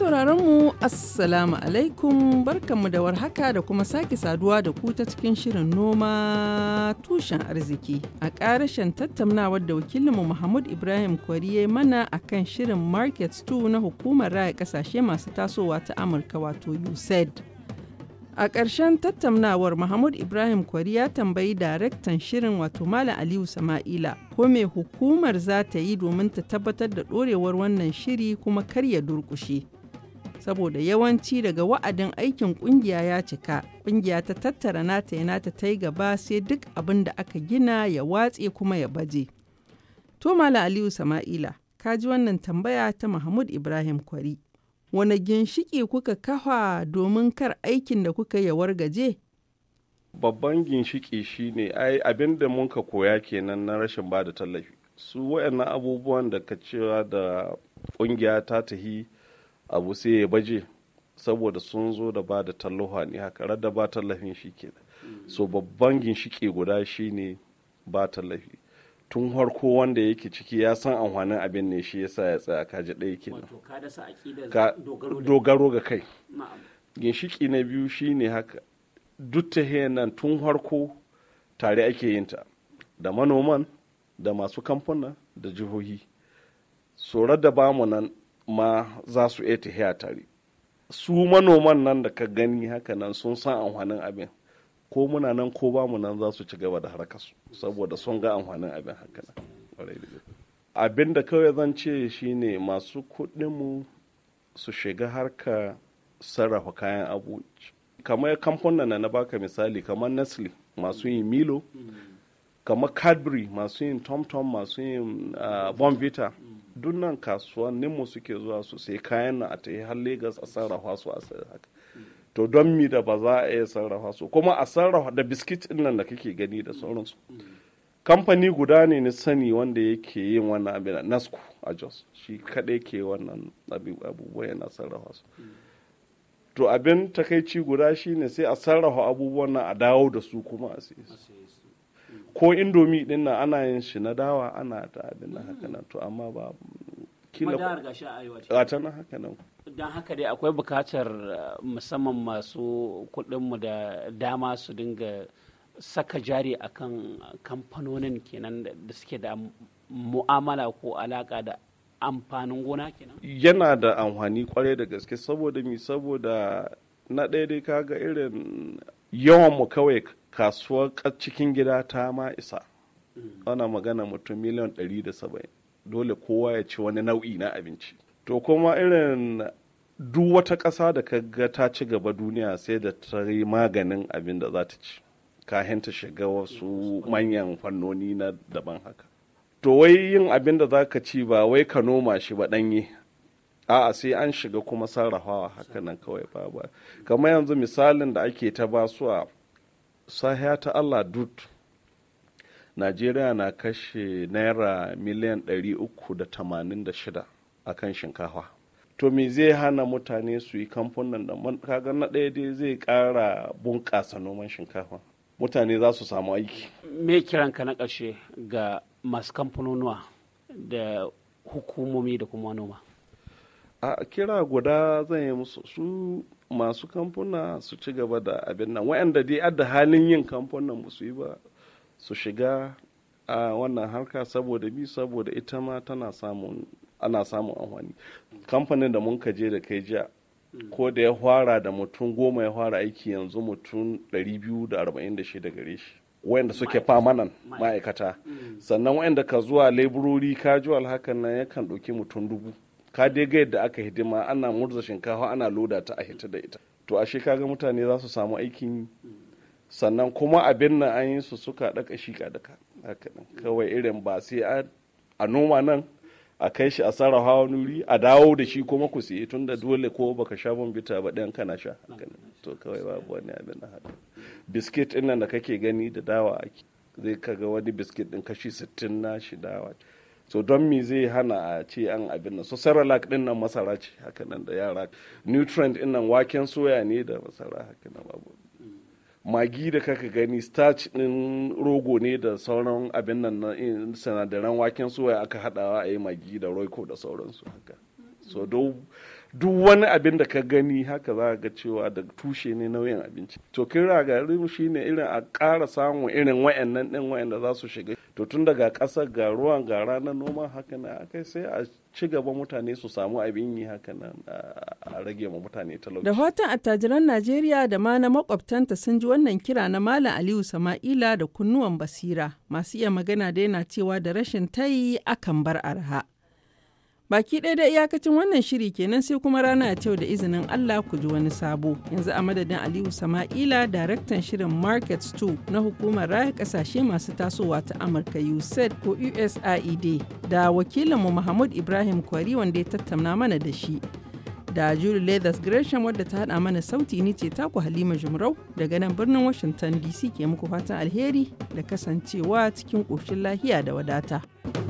mu Assalamu alaikum barkanmu da warhaka da kuma sake saduwa da ku ta cikin shirin noma tushen arziki a ƙarashen tattaunawar da wakilinmu Muhammad Ibrahim ya mana a kan shirin Market 2 na hukumar raya kasashe masu tasowa ta Amurka wato USAID. A ƙarshen tattaunawar Mahmud Ibrahim Kwari ya tambayi daraktan shirin wato Malam Aliyu Sama'ila ko me hukumar za ta yi domin ta tabbatar da ɗorewar wannan shiri kuma kar ya durƙushe. saboda yawanci daga wa'adin aikin kungiya ya cika kungiya ta tattara nata ya nata ta yi gaba sai duk abin da aka gina ya watse kuma ya baje to mala aliyu sama'ila ka ji wannan tambaya ta mahmud ibrahim kwari wani ginshiki kuka kafa domin kar aikin da kuka ya wargaje babban ginshiki shine ai abin da mun ka koya kenan na rashin ba da tallafi su waɗannan abubuwan da ka cewa da ƙungiya ta tahi abu sai ya baje saboda sun zo da ba da talloha ne haka Rada ba tallafin shi ke so babban ginshike guda shi ne ba tallafi tun harko wanda yake ciki ya san amfanin abin ne shi yasa ya tsaya kaji ɗaya kenan dogaro ga kai ginshiki na biyu shi ne haka duk ta nan tun harko tare ake yin ta da manoman da masu kamfuna da jihohi tsoron da bamu nan ma za su iya tafiya tare su manoman nan da ka gani haka nan sun san amfanin abin ko muna nan ko ba mu nan za su ci gaba da harkarsu saboda sun ga amfanin abin haka nan abin da kawai zan ce shine masu kuɗinmu su shiga harka sarrafa kayan abu. kamar kamfanin na baka misali kamar nestle masu yin milo mm. kamar cadbury masu yin tomtom masu yin bonvita ah, mm. dunnan kasuwannin mu suke zuwa su sai kayan na a ta har Legas a sarrafa su a haka to don mi da ba za a iya sarrafa su kuma a sarrafa da biskit din nan da kake gani da sauransu kamfani guda ne na sani wanda yake yin wannan abin nasco a jos shi kadai ke wannan abubuwa yana sarrafa su to abin takaici guda shine sai a sarrafa abubuwan nan a dawo da su kuma a su ko indomi din nan ana yin shi na dawa ana ta abin nan haka nan to amma ba kila a can haka nan Dan haka dai akwai bukatar eh, musamman masu mu da dama su dinga saka jari akan kamfanonin kenan da suke da mu'amala ko alaka da amfanin gona kenan yana da amfani kwarai da gaske saboda mi saboda na ɗaya dai kaga irin yawan mu kawai kasuwar cikin gida ta ma isa mm. ana magana mutum miliyan 170 dole kowa ya ci wani nau'i na abinci to kuma irin duk wata ƙasa da ka ga ta ci gaba duniya sai da ta yi maganin abin da za ta ci kahin ta shiga wasu manyan fannoni na daban haka to wai yin abin da za ka ci ba wai ka noma shi ba ɗanye a'a sai an shiga kuma sarrafawa haka nan kawai ba ba kamar yanzu misalin da ake ta basuwa sahiya ta allah dut najeriya na kashe naira miliyan 386 a kan shinkafa to me zai hana mutane su yi kamfanin da kaga na ɗaya dai zai ƙara bunƙasa noman shinkafa mutane za su samu aiki me kiranka na ƙarshe ga masu kamfanonuwa da hukumomi da kuma noma a kira guda zan yi musu su masu kamfuna su ci gaba da abin nan waɗanda dai adda halin yin kamfunan ba su yi ba su shiga a wannan harka saboda bi saboda ita ma tana samun ana samun amfani kamfanin da mun je da kai jiya mm. ko da ya fara da mutum goma ya fara aiki yanzu mutum 246 gare shi wayanda suke fama nan ma'aikata mm. sannan wayanda ka zuwa leburori casual hakan nan yakan ɗauki mutum dubu ka dai ga yadda aka hidima ana murza shinkafa ana loda ta a hita da ita to ashe kaga mutane za su samu aikin sannan kuma abin nan an yi su suka daka shi ka kawai irin ba sai a noma nan a kai shi a sarrafa wani wuri a dawo da shi kuma ku siye tun da dole ko baka sha bita ba ɗan kana sha to kawai babu wani abin na hada biskit ɗin nan da kake gani da dawa zai kaga wani biskit ɗin kashi sittin na shi dawa so don me zai hana a ce an abin nan so cerelac din nan masara ce haka nan da yara nutrient din nan waken soya ne da masara haka nan babu magi da kaka gani starch din rogo ne da sauran abin nan na eh, sinadaran waken soya aka hadawa a yi magi da roiko da sauransu haka so don duk wani abin da ka gani haka za ga cewa da tushe ne nauyin abinci to kira ga shi shine irin a ƙara samun irin wayannan din wayanda za su shiga to tun daga ƙasar ga ruwan ga ranar noma haka na akai sai a ci gaba mutane su samu abin yi haka nan a rage ma mutane talauci da hoton attajiran Najeriya da ma na makwabtanta sun ji wannan kira na Malam Aliyu Sama'ila da kunnuwan basira masu iya magana da yana cewa da rashin tayi akan bar arha Baki ɗaya da iyakacin wannan shiri kenan sai kuma rana a yau da izinin Allah ku ji wani sabo. Yanzu a madadin Aliyu Sama'ila, daraktan shirin Market 2 na hukumar raya kasashe masu tasowa ta Amurka USAID ko USAID da wakilinmu Mahmud Ibrahim Kwari wanda ya tattauna mana da shi. Da Julie Leathers Gresham wadda ta haɗa mana sauti ni ce taku Halima Jumrau daga nan birnin Washington DC ke muku fatan alheri da kasancewa cikin koshin lahiya da wadata.